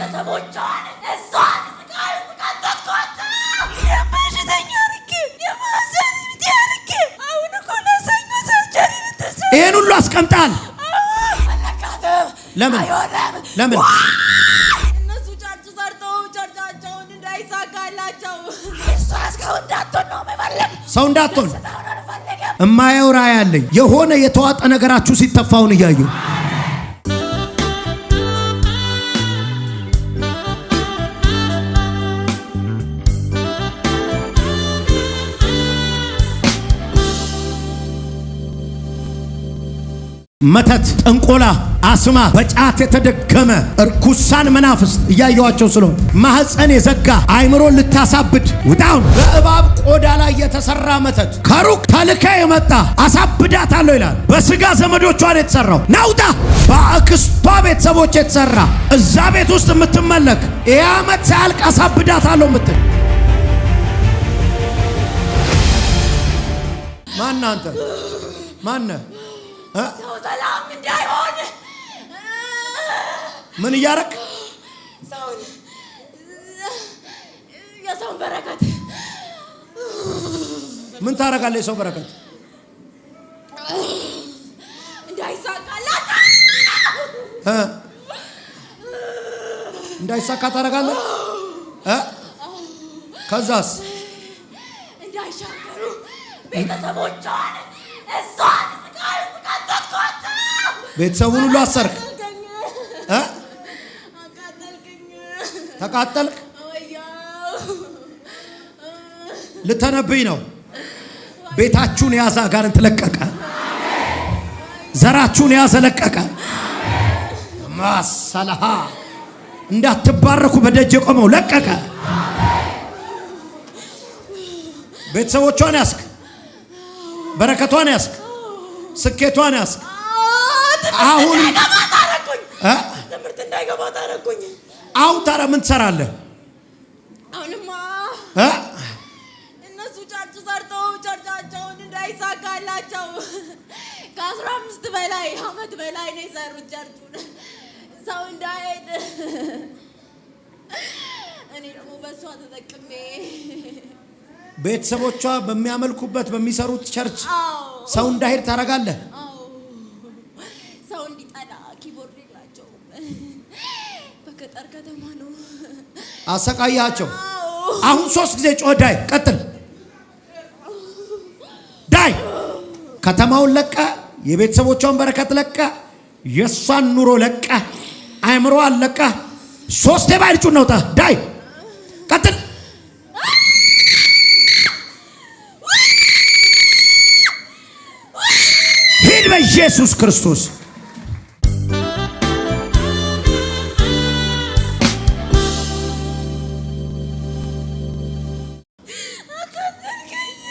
ቤተሰቦቿን እሷን ስቃይ ስቃይ ጠቅቷቸ የበሽተኛ ርጌ የማዘን ርጌ አሁን እኮ ለሰኞ ሰርጀሪ ልትስ ይህን ሁሉ አስቀምጣል። ለምን ለምን እነሱ ቻርጅ ሰርተው ቸርቻቸውን እንዳይሳካላቸው እሷ እስካሁን እንዳትሆን ነው መፈለግ ሰው እንዳትሆን እማየው ራእይ አለኝ የሆነ የተዋጠ ነገራችሁ ሲተፋውን እያየሁ መተት፣ ጥንቆላ፣ አስማ፣ በጫት የተደገመ እርኩሳን መናፍስት እያየዋቸው ስለሆነ ማህፀን የዘጋ አይምሮ ልታሳብድ ውጣሁን በእባብ ቆዳ ላይ የተሰራ መተት ከሩቅ ተልከ የመጣ አሳብዳታለሁ ይላል። በስጋ ዘመዶቿን የተሰራው ናውጣ በአክስቷ ቤተሰቦች የተሰራ እዛ ቤት ውስጥ የምትመለክ ይህ ዓመት ሳያልቅ አሳብዳታለሁ ምትል ማናንተ ማነ ሰው ሰላም ምን እያረክ የሰውን በረከት ምን ታረጋለህ? የሰው በረከት እንዳይሳካላት እንዳይሳካ ታረጋለህ። ከዛስ እንዳይሻገሩ ቤተሰቦቿን ቤተሰቡን ሁሉ አሰርክ፣ ተቃጠልክ። ልተነብይ ነው። ቤታችሁን የያዘ አጋንንት ለቀቀ። ዘራችሁን የያዘ ለቀቀ። ማሰላሃ እንዳትባረኩ በደጅ የቆመው ለቀቀ። ቤተሰቦቿን ያስክ፣ በረከቷን ያስክ፣ ስኬቷን ያስክ አሁን አሁን ታዲያ ምን ትሰራለህ? አሁንማ እነሱ ጨርጭ ሰርተው ጨርጫቸውን እንዳይሳካላቸው ከአስራ አምስት በላይ አመት በላይ ነው የሰሩት ጨርጩን ሰው እንዳይሄድ እኔ ደግሞ በእሷ ተጠቅሜ ቤተሰቦቿ በሚያመልኩበት በሚሰሩት ቸርች ሰው እንዳይሄድ ታደርጋለህ። ገጠር ከተማ ነው። አሰቃያቸው። አሁን ሶስት ጊዜ ጮህ። ዳይ ቀጥል። ዳይ ከተማውን ለቀ፣ የቤተሰቦቿን በረከት ለቀ፣ የእሷን ኑሮ ለቀ፣ አእምሮዋን ለቀ። ሶስት የባይል ጩኸት ዳይ ቀጥል። ሂድ በኢየሱስ ክርስቶስ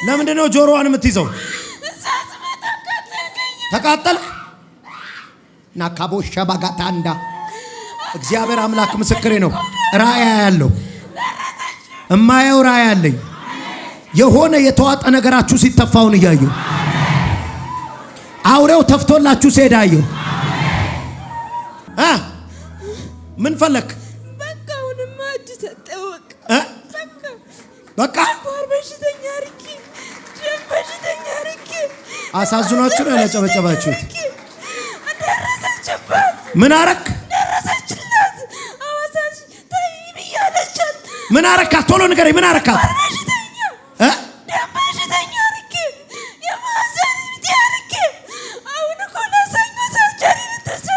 ለምንድን ነው ጆሮዋን የምትይዘው? ተቃጠልክ። ናካቦ ሸባጋታንዳ እግዚአብሔር አምላክ ምስክሬ ነው። ራእያ ያለው እማየው ራእያ ያለኝ የሆነ የተዋጠ ነገራችሁ ሲተፋውን እያየሁ አውሬው ተፍቶላችሁ ሲሄዳየሁ አ ምን ፈለክ? በቃ አሳዝኗችሁ ነው ያጨበጨባችሁት? ምን አረክ ምን አረካት? ቶሎ ንገሪ። ምን አረካት?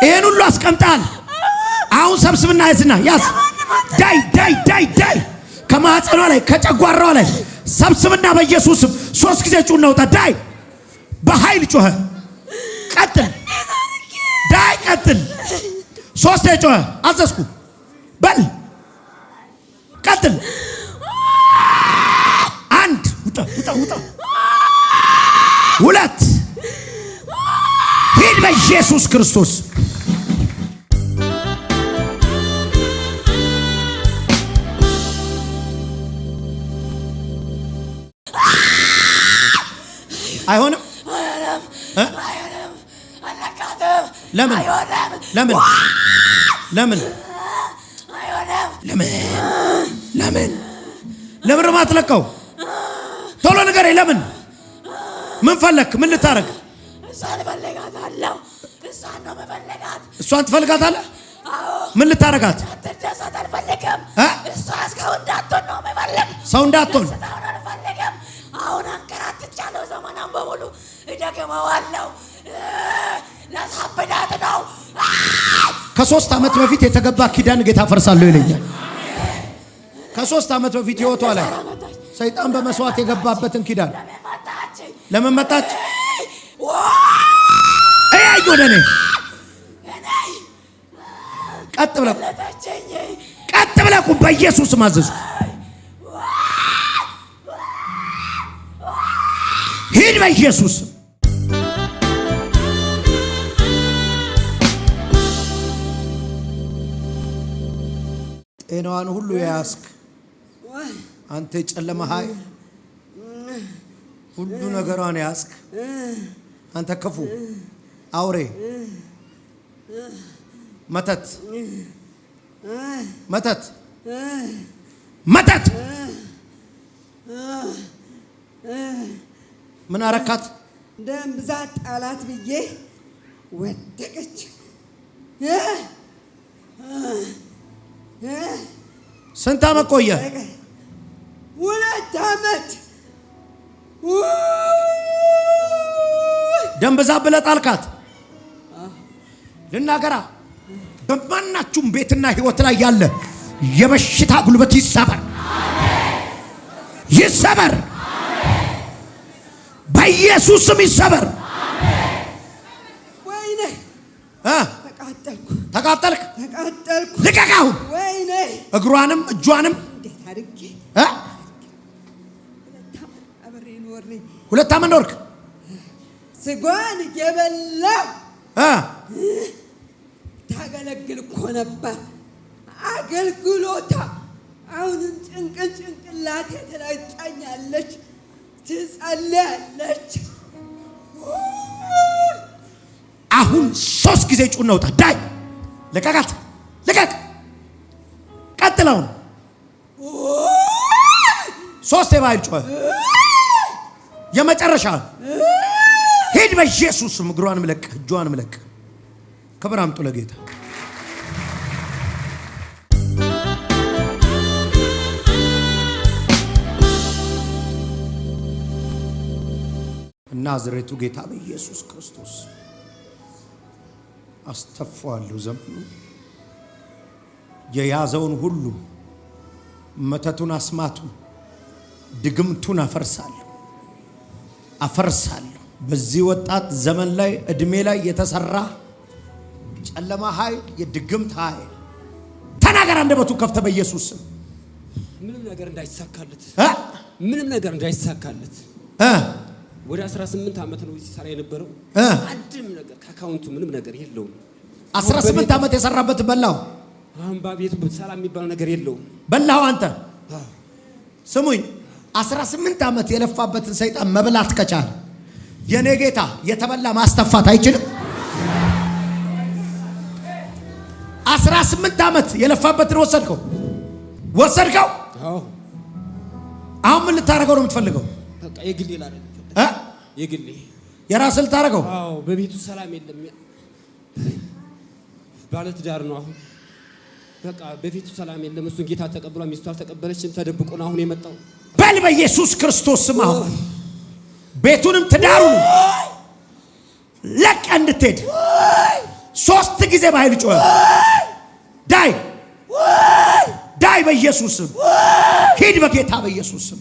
ይህን ሁሉ አስቀምጣል። አሁን ሰብስብና ያዝና ያዝ። ዳይ ዳይ ዳይ ዳይ ከማህፀኗ ላይ ከጨጓራዋ ላይ ሰብስብና በኢየሱስም ሶስት ጊዜ ጩና ውጣ ዳይ በኃይል ጮኸ። ቀጥል ዳይ ቀጥል። ሶስቴ ጮኸ። አዘዝኩ በል ቀጥል። አንድ ውጣ ውጣ ሁለት ሂድ በኢየሱስ ክርስቶስ ለምን ለምን ለምን ለምን ለምን ለምን ማትለቀው? ቶሎ ንገረኝ። ለምን ምን ፈለክ? ምን ልታረግ? እሷን እፈልጋታለሁ። እሷን እሷን ትፈልጋታለህ? ምን ልታረጋት? ሰው እንዳትሆን ከሶስት ዓመት በፊት የተገባ ኪዳን ጌታ ፈርሳለሁ ይለኛል። ከሶስት ዓመት በፊት ህይወቷ ላይ ሰይጣን በመስዋዕት የገባበትን ኪዳን ለምን መጣች? እያዩ ወደ እኔ ቀጥ ብለ ቀጥ ብለኩ በኢየሱስ ማዘዙ ሂድ በኢየሱስ ጤናዋን ሁሉ የያዝክ አንተ የጨለመ ሀይ ሁሉ ነገሯን ያስክ አንተ ክፉ አውሬ መተት መተት መተት ምን አረካት? ደም ብዛት ጣላት ብዬ ወደቀች። ስንት ዓመት ቆየ? ሁለት ዓመት። ደንብዛ ብለህ ጣልካት። ልናገራ በማናችሁም ቤትና ህይወት ላይ ያለ የበሽታ ጉልበት ይሰበር፣ ይሰበር፣ በኢየሱስም ይሰበር። ወይኔ ተቃጠልክ፣ ተቃጠልኩ፣ ልቀቀው። ወይኔ እግሯንም እጇንም ሁለት ዓመት ኖርክ። ስጓን የበላ ታገለግል እኮ ነበር። አገልግሎታ አሁንም ጭንቅል ጭንቅላቴ የተላጫኛለች፣ ትጸለያለች። አሁን ሶስት ጊዜ ጩኸት እናውጣ ዳይ ልቀቃት፣ ልቀቅ። ቀጥለውን ሶስት የባህል ጮኸ። የመጨረሻ ሂድ በኢየሱስ ምግሯን ምለቅ፣ እጇን ምለቅ። ክብር አምጡ ለጌታ። ናዝሬቱ ጌታ በኢየሱስ ክርስቶስ አስተፋዋለሁ። ዘመኑ የያዘውን ሁሉ መተቱን፣ አስማቱን፣ ድግምቱን አፈርሳለሁ አፈርሳለሁ። በዚህ ወጣት ዘመን ላይ እድሜ ላይ የተሰራ ጨለማ ኃይል፣ የድግምት ኃይል ተናገር። አንደበቱን ከፍተ በኢየሱስ ስም ምንም ነገር እንዳይሳካለት ምንም ነገር እንዳይሳካለት ወደ 18 ዓመት ነው ሲሰራ የነበረው። አንድም ነገር ከአካውንቱ ምንም ነገር የለውም። 18 ዓመት የሰራበት በላው። አሁን በቤቱ ሰላም የሚባል ነገር የለውም። በላው። አንተ ስሙኝ፣ 18 ዓመት የለፋበትን ሰይጣን መብላት ከቻለ የኔ ጌታ የተበላ ማስተፋት አይችልም። 18 ዓመት የለፋበትን ወሰድከው ወሰድከው። አሁን ምን ልታደርገው ነው የምትፈልገው? በቃ የግል ይላል የግሌ የራስህ ልታደርገው? አዎ። በቤቱ ሰላም የለም። ባለትዳር ነው አሁን በቃ በፊቱ ሰላም የለም። እሱን ጌታ ተቀብሏ ሚስቱ አልተቀበለችም። ተደብቆ ነው አሁን የመጣው። በል በኢየሱስ ክርስቶስ ስም አሁን ቤቱንም ትዳሩን ለቀ እንድትሄድ ሶስት ጊዜ በኃይል ጮኸ። ዳይ ዳይ፣ በኢየሱስ ስም ሂድ፣ በጌታ በኢየሱስ ስም